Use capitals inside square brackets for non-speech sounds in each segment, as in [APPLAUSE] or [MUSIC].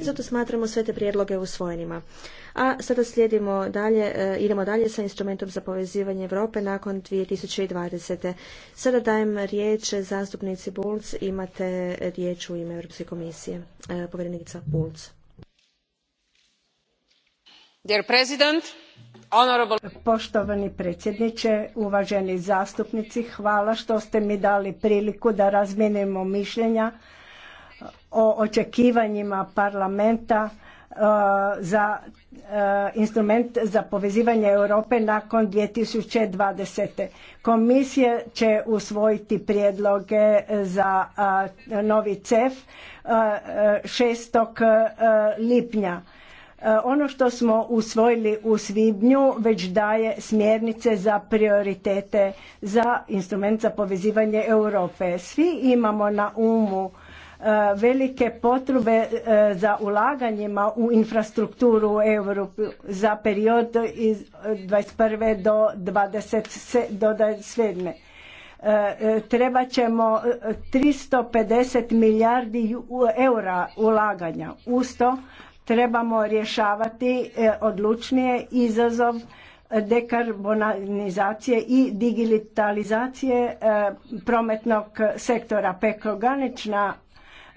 Zato smatramo sve te prijedloge usvojenima. A sada slijedimo dalje, e, idemo dalje sa instrumentom za povezivanje Europe nakon 2020. Sada dajem riječ zastupnici Bulc, imate riječ u ime Europske komisije. E, povjerenica Bulc. Dear President, honorable... Poštovani predsjedniče, uvaženi zastupnici, hvala što ste mi dali priliku da razmijenimo mišljenja o očekivanjima parlamenta e, za e, instrument za povezivanje Europe nakon 2020. Komisija će usvojiti prijedloge za e, novi CEF 6. lipnja. Ono što smo usvojili u svibnju već daje smjernice za prioritete za instrument za povezivanje Europe. Svi imamo na umu Eh, velike potrebe eh, za ulaganjima u infrastrukturu u europu za period iz 21. do 20. do 27. Eh, treba ćemo 350 milijardi eura ulaganja. to trebamo rješavati odlučnije izazov dekarbonizacije i digitalizacije prometnog sektora pekoganična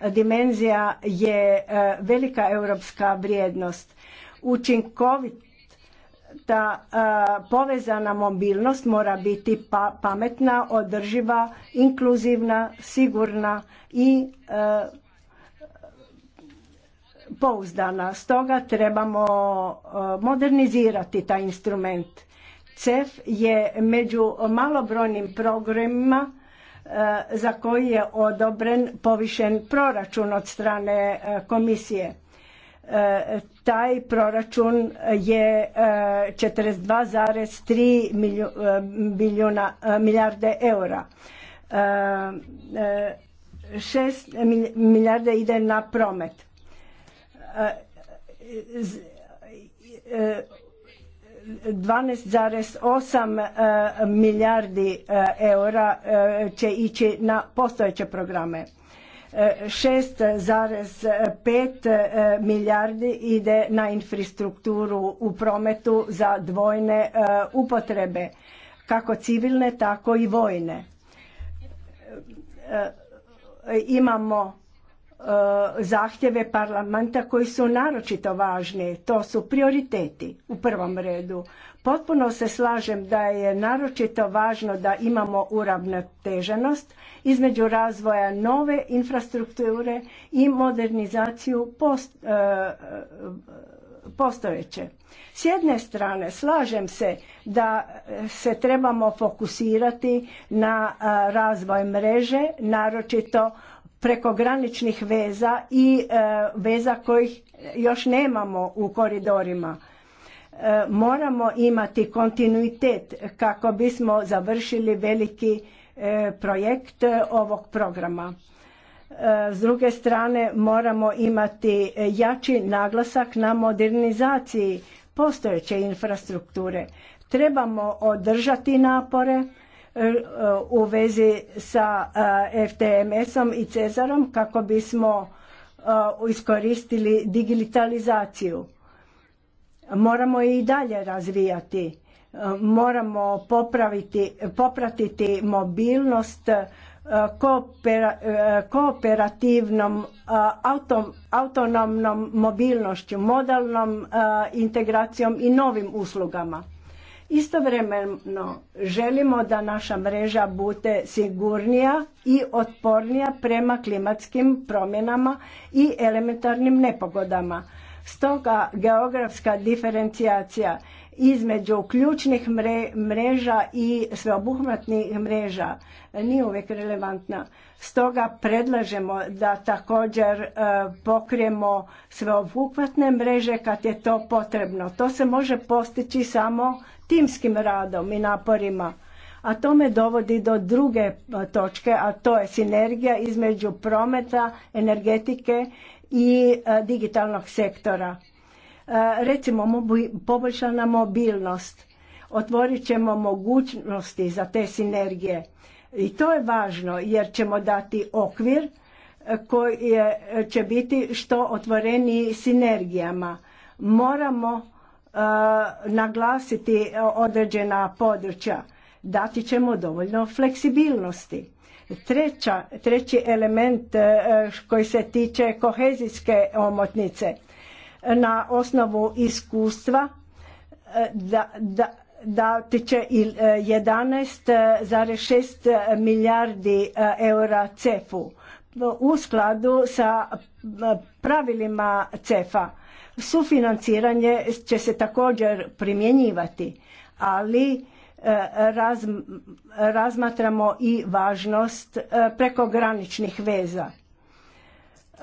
dimenzija je e, velika europska vrijednost. Učinkovit ta e, povezana mobilnost mora biti pa, pametna, održiva, inkluzivna, sigurna i e, pouzdana. Stoga trebamo modernizirati taj instrument. CEF je među malobrojnim programima E, za koji je odobren povišen proračun od strane e, komisije. E, taj proračun je 42,3 milijarde eura. 6 milijarde ide na promet 12,8 e, milijardi e, eura e, će ići na postojeće programe. 6,5 milijardi ide na infrastrukturu u prometu za dvojne upotrebe, kako civilne, tako i vojne. Imamo E, zahtjeve parlamenta koji su naročito važni. To su prioriteti u prvom redu. Potpuno se slažem da je naročito važno da imamo uravnoteženost između razvoja nove infrastrukture i modernizaciju e, postojeće. S jedne strane slažem se da se trebamo fokusirati na e, razvoj mreže, naročito prekograničnih veza i e, veza kojih još nemamo u koridorima. E, moramo imati kontinuitet kako bismo završili veliki e, projekt ovog programa. S druge strane moramo imati jači naglasak na modernizaciji postojeće infrastrukture. Trebamo održati napore u vezi sa eh, FTMS-om i Cezarom kako bismo eh, iskoristili digitalizaciju. Moramo i dalje razvijati, eh, moramo popraviti, popratiti mobilnost kooperativnom autonomnom mobilnošću, modalnom integracijom i novim uslugama Istovremeno želimo da naša mreža bude sigurnija i otpornija prema klimatskim promjenama i elementarnim nepogodama. Stoga geografska diferencijacija između ključnih mreža i sveobuhvatnih mreža nije uvijek relevantna. Stoga predlažemo da također e, pokrijemo sveobuhvatne mreže kad je to potrebno. To se može postići samo timskim radom i naporima. A to me dovodi do druge e, točke, a to je sinergija između prometa, energetike i e, digitalnog sektora. E, recimo, poboljšana mobilnost. Otvorit ćemo mogućnosti za te sinergije. I to je važno jer ćemo dati okvir koji će biti što otvoreniji sinergijama. Moramo E, naglasiti određena područja. Dati ćemo dovoljno fleksibilnosti. Treća, treći element e, koji se tiče kohezijske omotnice. Na osnovu iskustva e, da, da, dati će 11,6 milijardi eura CEF-u u skladu sa pravilima CEF-a Sufinanciranje će se također primjenjivati, ali e, razmatramo i važnost e, prekograničnih veza. E,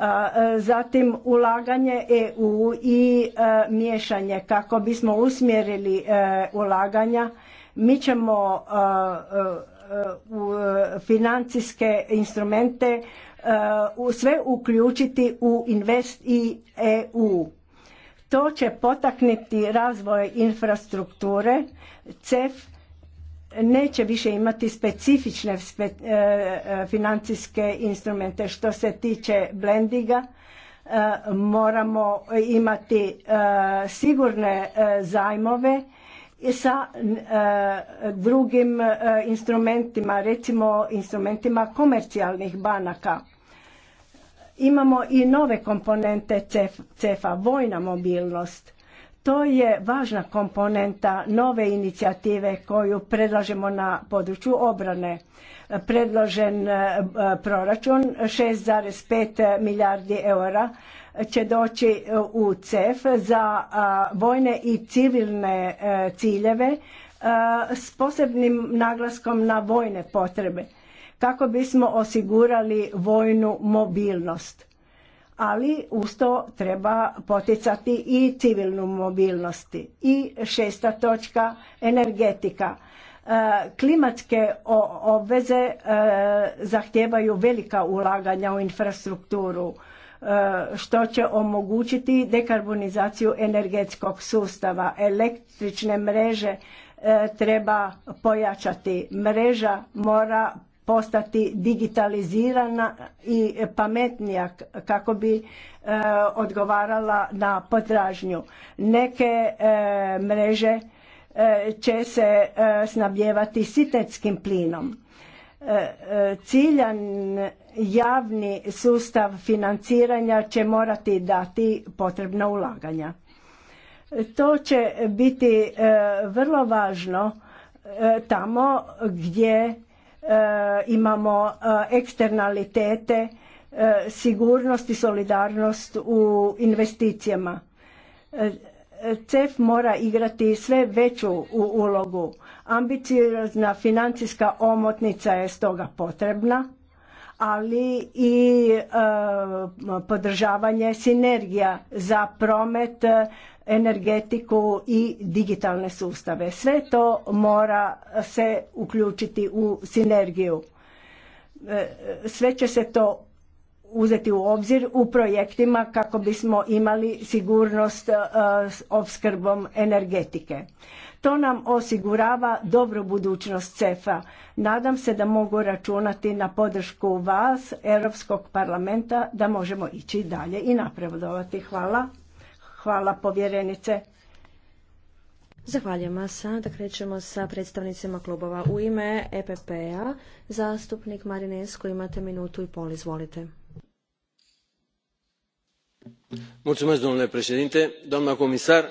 zatim ulaganje EU i miješanje kako bismo usmjerili ulaganja, mi ćemo u financijske instrumente sve uključiti u Invest i EU to će potaknuti razvoj infrastrukture. CEF neće više imati specifične e, e, financijske instrumente. Što se tiče blendiga, e, moramo imati sigurne zajmove sa drugim instrumentima, recimo instrumentima komercijalnih banaka Imamo i nove komponente CEFA, vojna mobilnost. To je važna komponenta nove inicijative koju predlažemo na području obrane. Predložen e, proračun 6,5 milijardi eura će doći e, u CEF za vojne i civilne e, ciljeve s posebnim naglaskom na vojne potrebe kako bismo osigurali vojnu mobilnost. Ali uz to treba poticati i civilnu mobilnosti. I šesta točka, energetika. E, klimatske obveze e, zahtijevaju velika ulaganja u infrastrukturu e, što će omogućiti dekarbonizaciju energetskog sustava. Električne mreže treba pojačati. Mreža mora postati digitalizirana i pametnija kako bi e, odgovarala na potražnju. Neke e, mreže e, će se snabljevati sitetskim plinom. Ciljan javni sustav financiranja će morati dati potrebna ulaganja. To će biti vrlo važno tamo gdje E, imamo e, eksternalitete, e, sigurnost i solidarnost u investicijama. CEF mora igrati sve veću ulogu. Ambiciozna financijska omotnica je stoga potrebna, ali i podržavanje sinergija za promet, energetiku i digitalne sustave. Sve to mora se uključiti u sinergiju. E, sve će se to uzeti u obzir u projektima kako bismo imali sigurnost e, s opskrbom energetike. To nam osigurava dobru budućnost CEFA. Nadam se da mogu računati na podršku vas, Europskog parlamenta, da možemo ići dalje i napredovati. Hvala. Hvala povjerenice. Zahvaljujem vas. Sada krećemo sa predstavnicima klubova. U ime EPP-a, zastupnik Marinesko, imate minutu i pol, izvolite. Mulțumesc, domnule președinte, doamna comisar,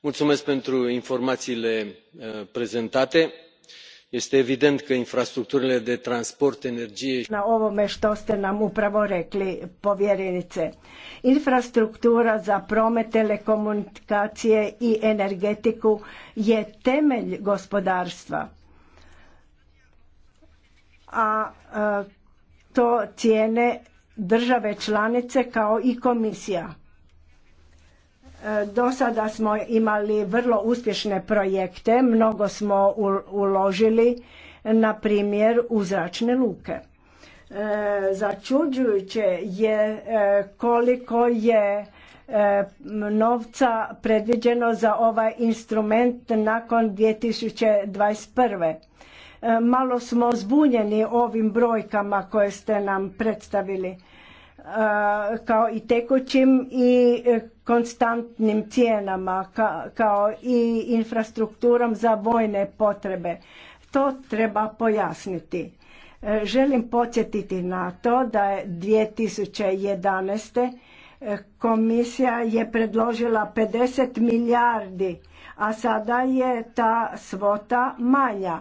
mulțumesc pentru informațiile eh, prezentate este evident că infrastructurile de transport energie. na ovome što ste nam upravo rekli povjerenice infrastruktura za promet telekomunikacije i energetiku je temelj gospodarstva a e, to cijene države članice kao i komisija E, do sada smo imali vrlo uspješne projekte, mnogo smo uložili, na primjer u zračne luke. E, začuđujuće je e, koliko je novca predviđeno za ovaj instrument nakon 2021. Malo smo zbunjeni ovim brojkama koje ste nam predstavili kao i tekućim i e, konstantnim cijenama kao i infrastrukturom za vojne potrebe. To treba pojasniti. E, želim podsjetiti na to da je 2011. E, komisija je predložila 50 milijardi, a sada je ta svota manja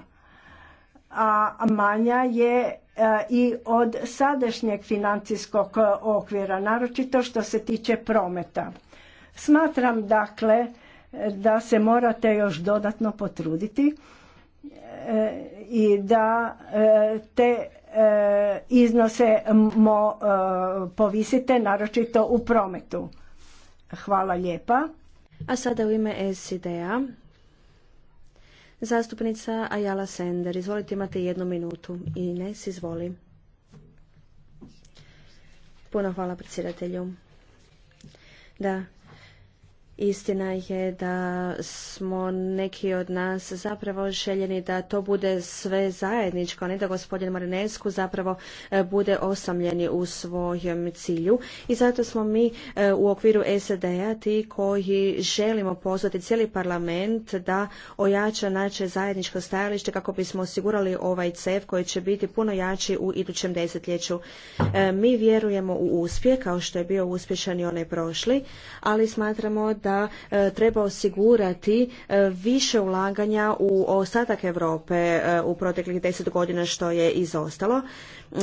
a manja je e, i od sadašnjeg financijskog e, okvira, naročito što se tiče prometa. Smatram dakle da se morate još dodatno potruditi e, i da te iznose povisite, naročito u prometu. Hvala lijepa. A sada u ime SID-a Zastupnica Ajala Sender, izvolite imate jednu minutu. i ne se izvoli. Puno hvala predsjedatelju. Da, Istina je da smo neki od nas zapravo željeni da to bude sve zajedničko, a ne da gospodin Marinesku zapravo e, bude osamljeni u svojem cilju. I zato smo mi e, u okviru SED-a ti koji želimo pozvati cijeli parlament da ojača naše zajedničko stajalište kako bismo osigurali ovaj CEF koji će biti puno jači u idućem desetljeću. E, mi vjerujemo u uspjeh, kao što je bio uspješan i onaj prošli, ali smatramo da e, treba osigurati e, više ulaganja u ostatak Europe e, u proteklih deset godina što je izostalo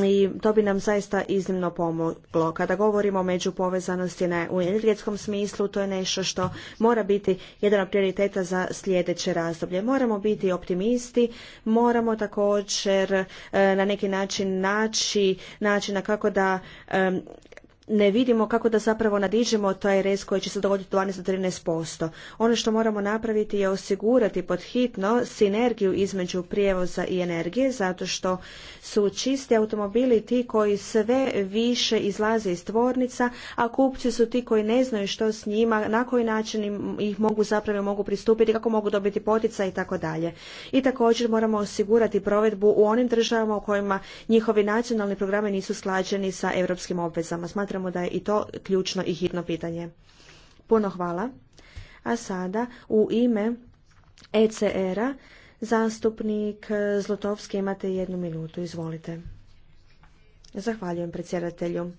i to bi nam zaista iznimno pomoglo. Kada govorimo o međupovezanosti u energetskom smislu, to je nešto što mora biti jedan od prioriteta za sljedeće razdoblje. Moramo biti optimisti, moramo također na neki način naći načina kako da ne vidimo kako da zapravo nadiđemo taj rez koji će se dogoditi 12-13%. Ono što moramo napraviti je osigurati pod hitno sinergiju između prijevoza i energije, zato što su čisti automobili ti koji sve više izlaze iz tvornica, a kupci su ti koji ne znaju što s njima, na koji način ih mogu zapravo mogu pristupiti, kako mogu dobiti potica i tako dalje. I također moramo osigurati provedbu u onim državama u kojima njihovi nacionalni programi nisu slađeni sa europskim obvezama. Smatram smatramo da je i to ključno i hitno pitanje. Puno hvala. A sada u ime ECR-a zastupnik Zlotovski imate jednu minutu. Izvolite. Zahvaljujem predsjedatelju.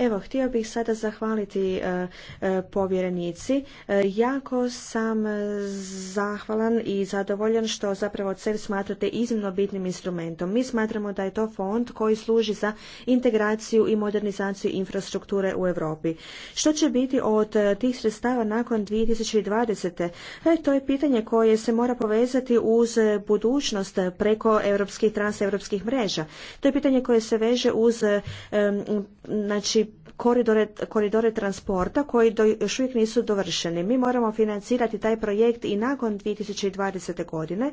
Evo, htio bih sada zahvaliti e, e, povjerenici. E, jako sam zahvalan i zadovoljan što zapravo CEF smatrate iznimno bitnim instrumentom. Mi smatramo da je to fond koji služi za integraciju i modernizaciju infrastrukture u Europi. Što će biti od tih sredstava nakon 2020. to je pitanje koje se mora povezati uz budućnost preko europskih transeuropskih mreža. To je pitanje koje se veže uz znači koridore, transporta koji još uvijek nisu dovršeni. Mi moramo financirati taj projekt i nakon 2020. godine,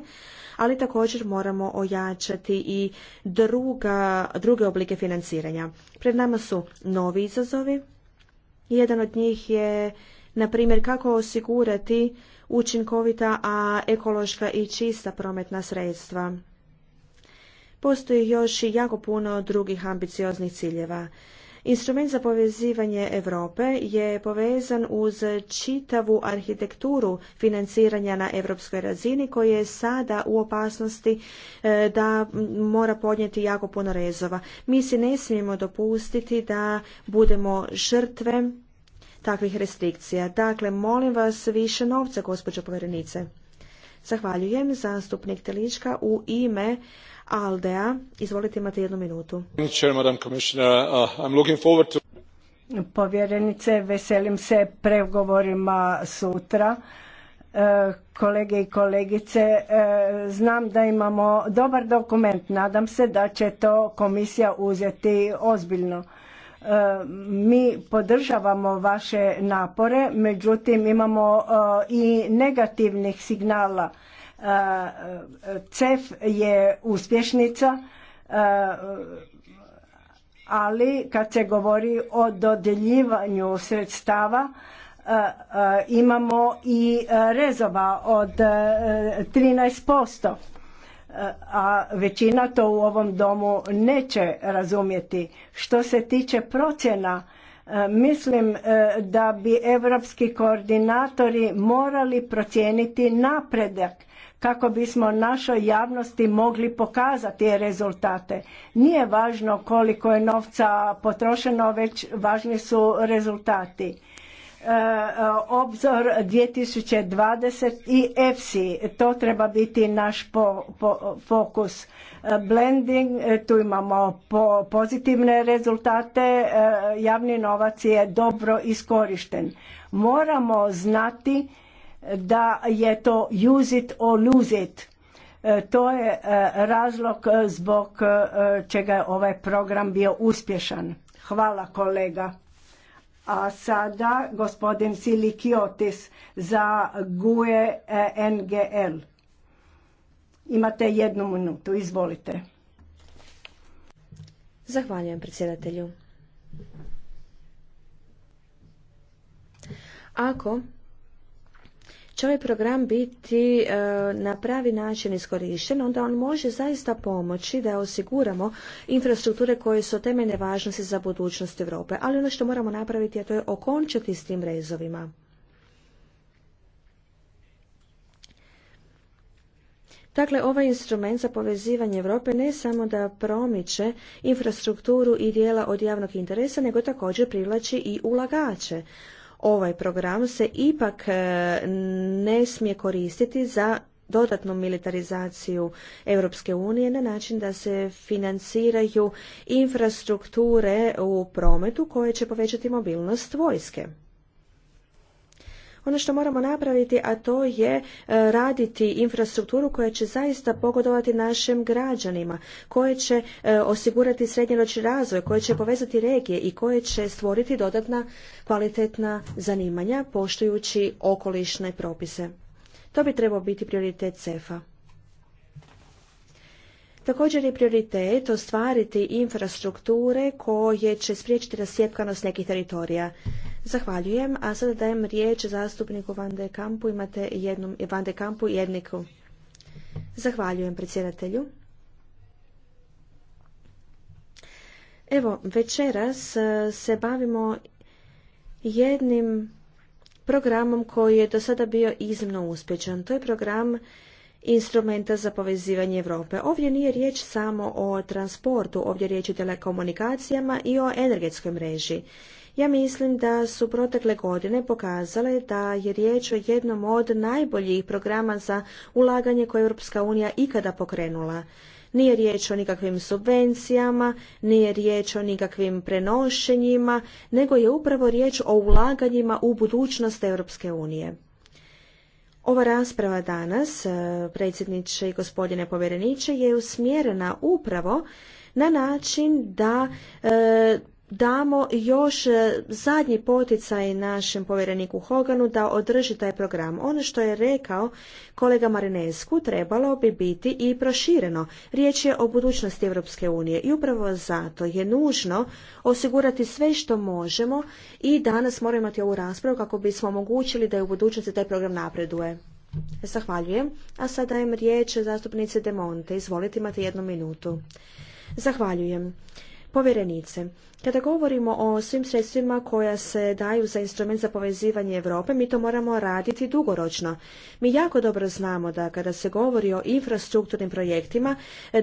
ali također moramo ojačati i druga, druge oblike financiranja. Pred nama su novi izazovi. Jedan od njih je, na primjer, kako osigurati učinkovita, a ekološka i čista prometna sredstva. Postoji još i jako puno drugih ambicioznih ciljeva. Instrument za povezivanje Europe je povezan uz čitavu arhitekturu financiranja na europskoj razini koji je sada u opasnosti e, da mora podnijeti jako puno rezova. Mi se ne smijemo dopustiti da budemo žrtve takvih restrikcija. Dakle, molim vas više novca, gospođo povjerenice. Zahvaljujem zastupnik Telička u ime Aldea. Izvolite, imate jednu minutu. Uh, Povjerenice, veselim se pregovorima sutra. Uh, kolege i kolegice, uh, znam da imamo dobar dokument. Nadam se da će to komisija uzeti ozbiljno mi podržavamo vaše napore, međutim imamo e, i negativnih signala. E, CEF je uspješnica, e, ali kad se govori o dodjeljivanju sredstava, imamo i rezova od 13% a većina to u ovom domu neće razumjeti. Što se tiče procjena, e, mislim e, da bi europski koordinatori morali procijeniti napredak kako bismo našoj javnosti mogli pokazati rezultate. Nije važno koliko je novca potrošeno, već važni su rezultati E, obzor 2020 i EFSI, to treba biti naš fokus. E, blending, e, tu imamo pozitivne rezultate, javni novac je dobro iskorišten. Moramo znati da je to use it or lose it. To je razlog zbog čega je ovaj program bio uspješan. Hvala kolega. A sada gospodin Silikiotis za GUE e, NGL. Imate jednu minutu, izvolite. Zahvaljujem predsjedatelju. Ako će ovaj program biti e, na pravi način iskorišten, onda on može zaista pomoći da osiguramo infrastrukture koje su temeljne važnosti za budućnost Europe. Ali ono što moramo napraviti je to je okončati s tim rezovima. Dakle, ovaj instrument za povezivanje Europe ne samo da promiče infrastrukturu i dijela od javnog interesa, nego također privlači i ulagače ovaj program se ipak e, ne smije koristiti za dodatnu militarizaciju Europske unije na način da se financiraju infrastrukture u prometu koje će povećati mobilnost vojske. Ono što moramo napraviti, a to je e, raditi infrastrukturu koja će zaista pogodovati našim građanima, koje će e, osigurati srednjoročni razvoj, koje će povezati regije i koje će stvoriti dodatna kvalitetna zanimanja poštujući okolišne propise. To bi trebao biti prioritet CEFA. Također je prioritet ostvariti infrastrukture koje će spriječiti rasjepkanost nekih teritorija. Zahvaljujem, a sada dajem riječ zastupniku Van de Kampu, imate jednom, Van de Kampu jedniku. Zahvaljujem predsjedatelju. Evo, večeras e, se bavimo jednim programom koji je do sada bio iznimno uspješan. To je program instrumenta za povezivanje Europe. Ovdje nije riječ samo o transportu, ovdje je riječ o telekomunikacijama i o energetskoj mreži. Ja mislim da su protekle godine pokazale da je riječ o jednom od najboljih programa za ulaganje koje je Europska unija ikada pokrenula. Nije riječ o nikakvim subvencijama, nije riječ o nikakvim prenošenjima, nego je upravo riječ o ulaganjima u budućnost Europske unije. Ova rasprava danas, e, predsjedniče i gospodine povjereniče, je usmjerena upravo na način da e, damo još e, zadnji poticaj našem povjereniku Hoganu da održi taj program. Ono što je rekao kolega Marinescu trebalo bi biti i prošireno. Riječ je o budućnosti Europske unije i upravo zato je nužno osigurati sve što možemo i danas moramo imati ovu raspravu kako bismo omogućili da je u budućnosti taj program napreduje. Zahvaljujem. A sada dajem riječ zastupnice Demonte. Izvolite, imate jednu minutu. Zahvaljujem. Povjerenice, kada govorimo o svim sredstvima koja se daju za instrument za povezivanje Europe, mi to moramo raditi dugoročno. Mi jako dobro znamo da kada se govori o infrastrukturnim projektima,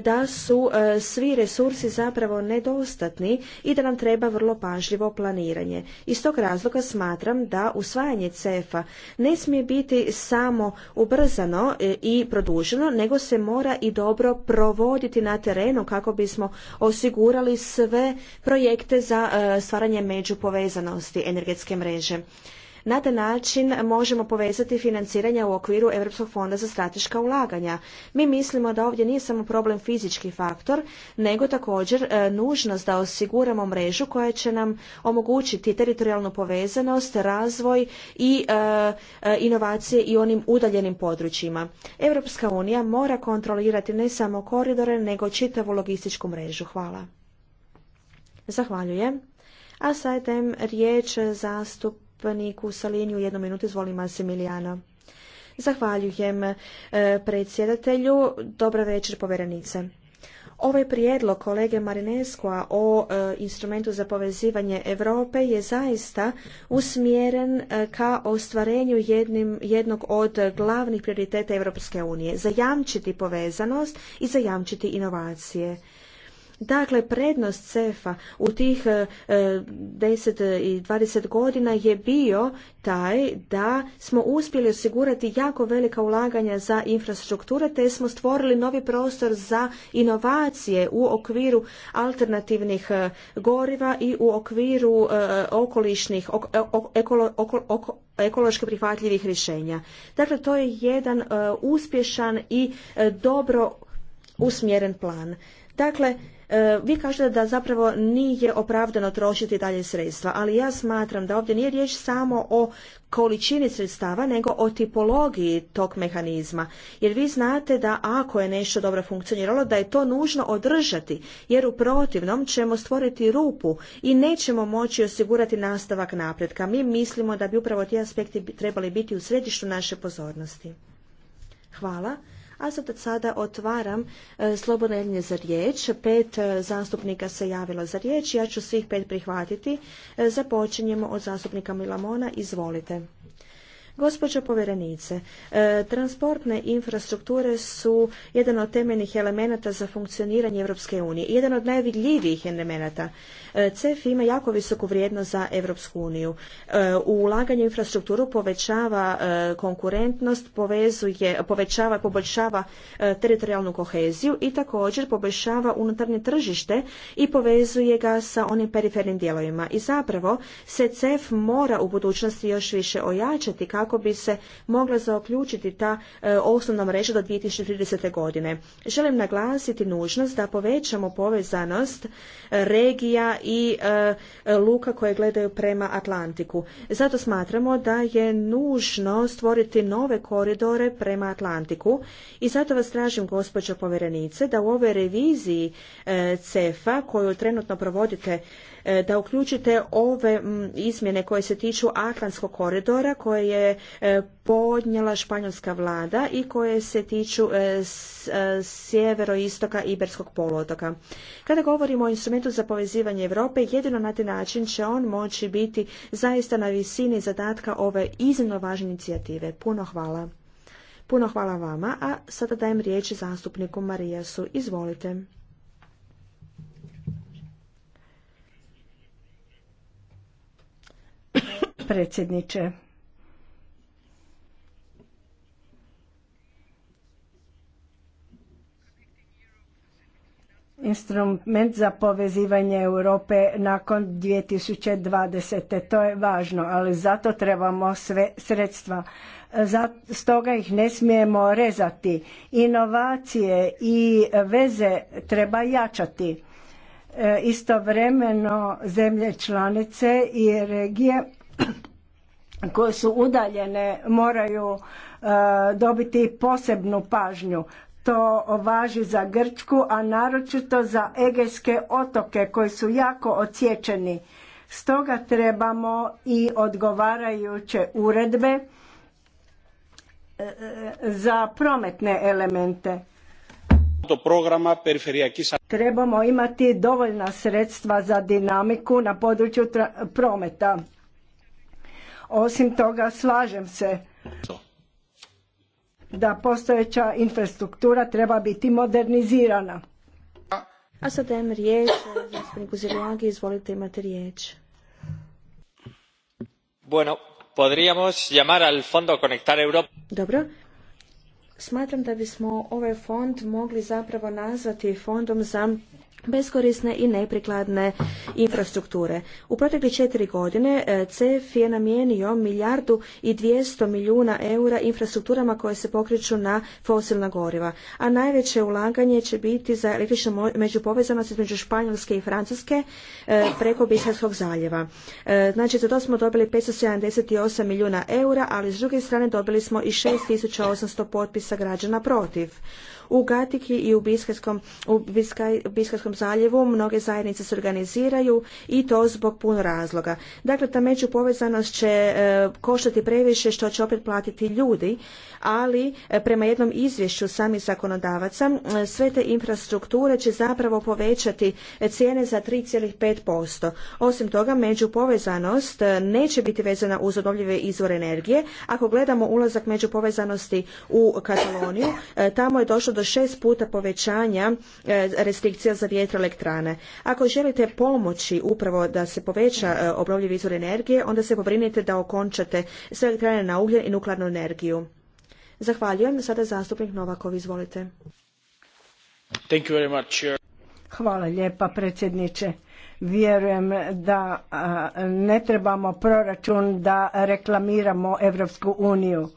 da su e, svi resursi zapravo nedostatni i da nam treba vrlo pažljivo planiranje. Iz tog razloga smatram da usvajanje CEFA ne smije biti samo ubrzano e, i produženo, nego se mora i dobro provoditi na terenu kako bismo osigurali sve projekte za e, stvaranje međupovezanosti energetske mreže. Na taj način možemo povezati financiranja u okviru Europskog fonda za strateška ulaganja. Mi mislimo da ovdje nije samo problem fizički faktor, nego također e, nužnost da osiguramo mrežu koja će nam omogućiti teritorijalnu povezanost, razvoj i e, inovacije i onim udaljenim područjima. Europska unija mora kontrolirati ne samo koridore, nego čitavu logističku mrežu. Hvala. Zahvaljujem. A sad dajem riječ zastupniku u Jednu minutu, izvoli Asimilijana. Zahvaljujem e, predsjedatelju. Dobra večer, povjerenice. Ovaj prijedlog kolege Marineskoa o e, instrumentu za povezivanje Europe je zaista usmjeren e, ka ostvarenju jednog od glavnih prioriteta Europske unije, zajamčiti povezanost i zajamčiti inovacije. Dakle, prednost CEFA u tih 10 e, e, i 20 godina je bio taj da smo uspjeli osigurati jako velika ulaganja za infrastrukture, te smo stvorili novi prostor za inovacije u okviru alternativnih e, goriva i u okviru okolišnih, ekološki prihvatljivih rješenja. Dakle, to je jedan uspješan i dobro usmjeren plan. Dakle, E, vi kažete da zapravo nije opravdano trošiti dalje sredstva, ali ja smatram da ovdje nije riječ samo o količini sredstava, nego o tipologiji tog mehanizma. Jer vi znate da ako je nešto dobro funkcioniralo, da je to nužno održati, jer u protivnom ćemo stvoriti rupu i nećemo moći osigurati nastavak napretka. Mi mislimo da bi upravo ti aspekti trebali biti u središtu naše pozornosti. Hvala. A sada sada otvaram e, za riječ. Pet e, zastupnika se javilo za riječ. Ja ću svih pet prihvatiti. E, započinjemo od zastupnika Milamona. Izvolite. Gospođo povjerenice, e, transportne infrastrukture su jedan od temeljnih elemenata za funkcioniranje Europske unije, jedan od najvidljivijih elemenata. E, CEF ima jako visoku vrijednost za Europsku uniju. E, u ulaganju infrastrukturu povećava konkurentnost, povećava, poboljšava teritorijalnu koheziju i također poboljšava unutarnje tržište i povezuje ga sa onim perifernim dijelovima. I zapravo se CEF mora u budućnosti još više ojačati kao kako bi se mogla zaoključiti ta e, osnovna mreža do 2030. godine. Želim naglasiti nužnost da povećamo povezanost e, regija i e, luka koje gledaju prema Atlantiku. Zato smatramo da je nužno stvoriti nove koridore prema Atlantiku i zato vas tražim gospođo povjerenice da u ovoj reviziji CEFA koju trenutno provodite da uključite ove izmjene koje se tiču Atlantskog koridora koje je E, podnjela španjolska vlada i koje se tiču e, e, sjeveroistoka Iberskog poluotoka. Kada govorimo o instrumentu za povezivanje Europe, jedino na taj način će on moći biti zaista na visini zadatka ove iznimno važne inicijative. Puno hvala. Puno hvala vama, a sada dajem riječ zastupniku Marijasu. Izvolite. Predsjedniče, instrument za povezivanje Europe nakon 2020. To je važno, ali zato trebamo sve sredstva. Stoga ih ne smijemo rezati. Inovacije i veze treba jačati. E, istovremeno zemlje članice i regije [CLEARS THROAT] koje su udaljene moraju e, dobiti posebnu pažnju to važi za Grčku, a naročito za Egejske otoke koji su jako odsječeni. Stoga trebamo i odgovarajuće uredbe e, za prometne elemente. Trebamo imati dovoljna sredstva za dinamiku na području prometa. Osim toga slažem se da postojeća infrastruktura treba biti modernizirana. A sad dajem riječ eh, zastupniku izvolite imate riječ. Bueno, podríamos llamar al fondo Conectar Europa. Dobro. Smatram da bismo ovaj fond mogli zapravo nazvati fondom za beskorisne i neprikladne infrastrukture. U protekle četiri godine e, CEF je namijenio milijardu i 200 milijuna eura infrastrukturama koje se pokreću na fosilna goriva, a najveće ulaganje će biti za električnu međupovezanost između Španjolske i Francuske e, preko bisarskog zaljeva. E, znači za to smo dobili 578 milijuna eura, ali s druge strane dobili smo i 6800 potpisa građana protiv. U Gatiki i u Biskarskom, u zaljevu mnoge zajednice se organiziraju i to zbog puno razloga. Dakle, ta međupovezanost će e, koštati previše što će opet platiti ljudi, ali e, prema jednom izvješću samih zakonodavaca e, sve te infrastrukture će zapravo povećati e, cijene za 3,5%. Osim toga, međupovezanost neće biti vezana uz obnovljive izvore energije. Ako gledamo ulazak međupovezanosti u Kataloniju, tamo je došlo do šest puta povećanja e, restrikcija za vjetroelektrane. Ako želite pomoći upravo da se poveća e, obnovljivi izvor energije, onda se pobrinite da okončate sve elektrane na ugljen i nuklearnu energiju. Zahvaljujem. Sada zastupnik Novakov, izvolite. Hvala lijepa predsjedniče. Vjerujem da ne trebamo proračun da reklamiramo Europsku uniju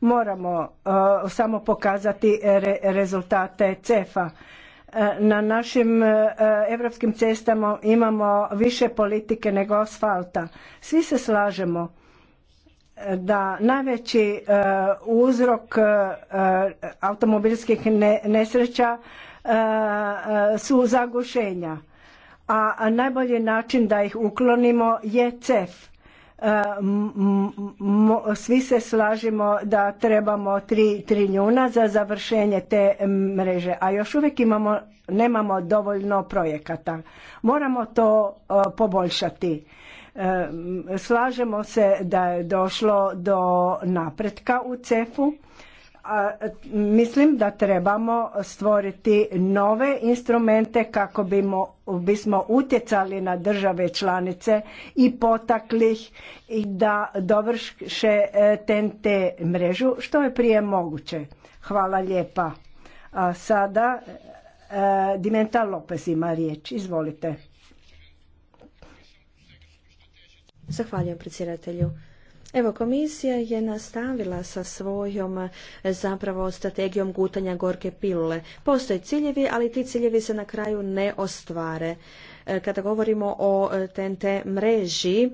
Moramo e, samo pokazati rezultate CEFA. E, na našim europskim cestama imamo više politike nego asfalta. Svi se slažemo e, da najveći uzrok automobilskih nesreća su zagušenja a najbolji način da ih uklonimo je cef E, svi se slažemo da trebamo tri trilijuna za završenje te mreže, a još uvijek imamo, nemamo dovoljno projekata. Moramo to e, poboljšati. E, slažemo se da je došlo do napretka u CEF-u mislim da trebamo stvoriti nove instrumente kako bismo utjecali na države članice i potakli ih da dovrše TNT e, mrežu što je prije moguće. Hvala lijepa. A sada e, Dimenta Lopez ima riječ. Izvolite. Zahvaljujem predsjedatelju. Evo, komisija je nastavila sa svojom e, zapravo strategijom gutanja gorke pilule. Postoje ciljevi, ali ti ciljevi se na kraju ne ostvare. E, kada govorimo o TNT e, mreži,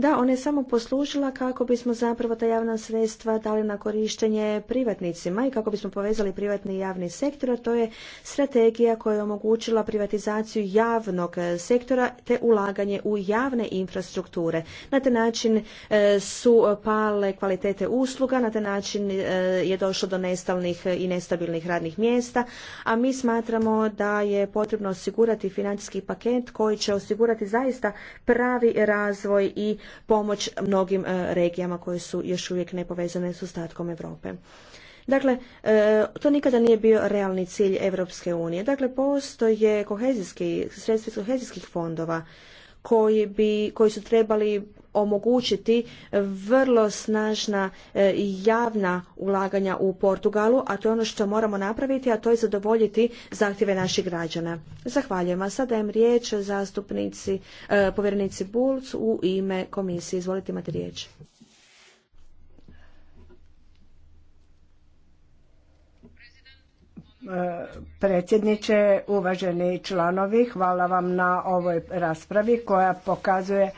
da, ona je samo poslužila kako bismo zapravo ta javna sredstva dali na korištenje privatnicima i kako bismo povezali privatni i javni sektor, a to je strategija koja je omogućila privatizaciju javnog sektora te ulaganje u javne infrastrukture. Na taj način e, su pale kvalitete usluga, na taj način e, je došlo do nestalnih i nestabilnih radnih mjesta, a mi smatramo da je potrebno osigurati financijski paket koji će osigurati zaista pravi razvoj i pomoć mnogim e, regijama koje su još uvijek nepovezane s ostatkom Europe. Dakle, e, to nikada nije bio realni cilj Europske unije. Dakle, postoje kohezijski, sredstva kohezijskih fondova koji, bi, koji su trebali omogućiti vrlo snažna e, javna ulaganja u Portugalu, a to je ono što moramo napraviti, a to je zadovoljiti zahtjeve naših građana. Zahvaljujem. A sada dajem riječ zastupnici, e, povjerenici Bulc u ime komisije. Izvolite imate riječ. predsjedniče, uvaženi članovi, hvala vam na ovoj raspravi koja pokazuje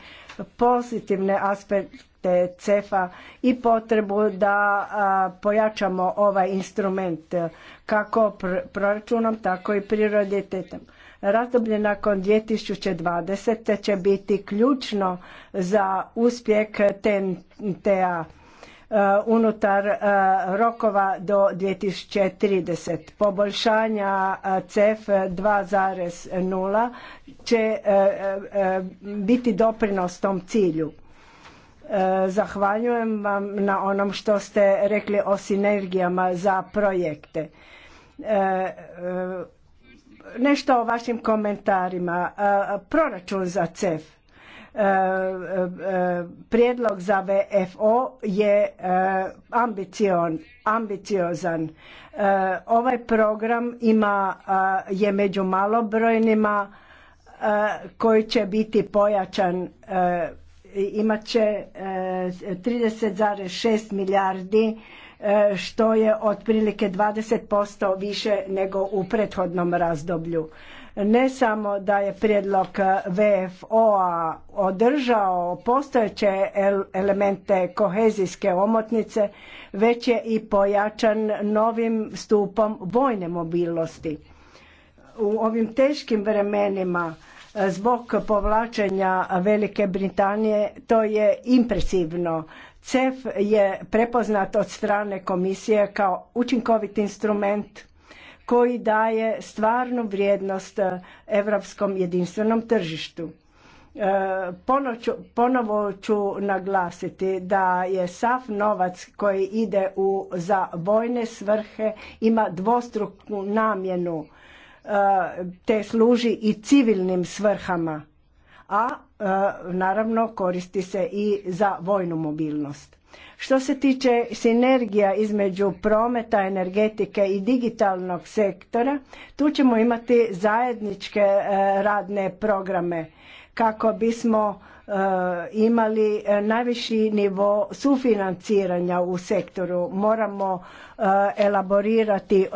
pozitivne aspekte CEFA i potrebu da pojačamo ovaj instrument kako proračunom, tako i prioritetom. Razdoblje nakon 2020. će biti ključno za uspjeh tnt Eh, unutar eh, rokova do 2030. Poboljšanja eh, CEF 2.0 će biti doprinos tom cilju. Zahvaljujem vam na onom što ste rekli o sinergijama za projekte. Nešto o vašim komentarima. Proračun za CEF prijedlog za VFO je e, ambiciozan. E, ovaj program ima, e, je među malobrojnima koji će biti pojačan imat će 30,6 milijardi što je otprilike 20% više nego u prethodnom razdoblju. Ne samo da je prijedlog VFO-a održao postojeće elemente kohezijske omotnice, već je i pojačan novim stupom vojne mobilnosti. U ovim teškim vremenima e, zbog povlačenja Velike Britanije to je impresivno. CEF je prepoznat od strane komisije kao učinkovit instrument koji daje stvarnu vrijednost europskom jedinstvenom tržištu. E, ponovo ću naglasiti da je sav novac koji ide u, za vojne svrhe ima dvostruku namjenu e, te služi i civilnim svrhama, a e, naravno koristi se i za vojnu mobilnost. Što se tiče sinergija između prometa, energetike i digitalnog sektora, tu ćemo imati zajedničke e, radne programe kako bismo Eh, imali eh, najviši nivo sufinanciranja u sektoru. Moramo eh, elaborirati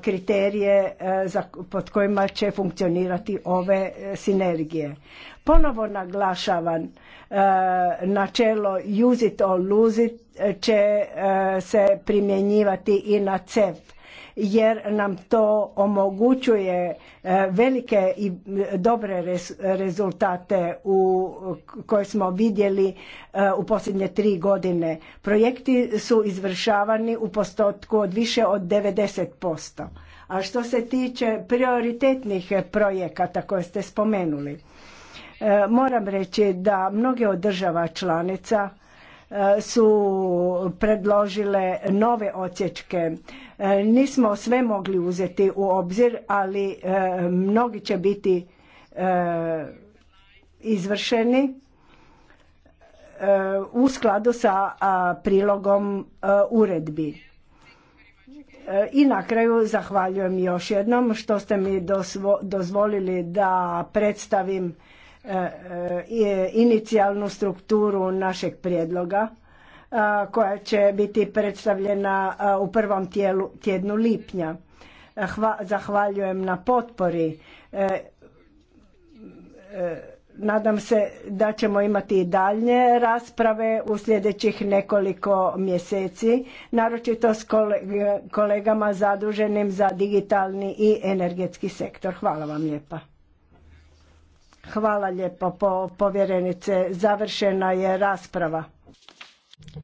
kriterije pod kojima će funkcionirati ove sinergije. Ponovo naglašavam načelo use it or lose it će se primjenjivati i na CEF jer nam to omogućuje e, velike i dobre rezultate u, koje smo vidjeli e, u posljednje tri godine. Projekti su izvršavani u postotku od više od 90%. A što se tiče prioritetnih projekata koje ste spomenuli, e, moram reći da mnoge od država članica su predložile nove odsječke. E, nismo sve mogli uzeti u obzir, ali e, mnogi će biti e, izvršeni u skladu sa prilogom uredbi. I na kraju zahvaljujem još jednom što ste mi dozvolili da predstavim E, e, inicijalnu strukturu našeg prijedloga e, koja će biti predstavljena u prvom tjednu lipnja. zahvaljujem na potpori. Nadam se da ćemo imati i daljnje rasprave u sljedećih nekoliko mjeseci, naročito s kolegama zaduženim za digitalni i energetski sektor. Hvala vam lijepa. Hvala lijepo povjerenice. Završena je rasprava.